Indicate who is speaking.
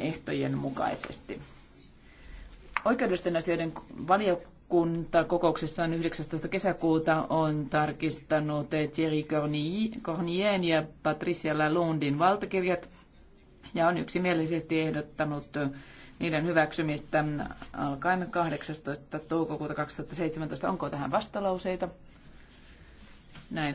Speaker 1: ehtojen mukaisesti. Oikeudellisten asioiden valiokunta kokouksessaan 19. kesäkuuta on tarkistanut Thierry Cornien ja Patricia Lalondin valtakirjat ja on yksimielisesti ehdottanut niiden hyväksymistä alkaen 18. toukokuuta 2017. Onko tähän vastalauseita?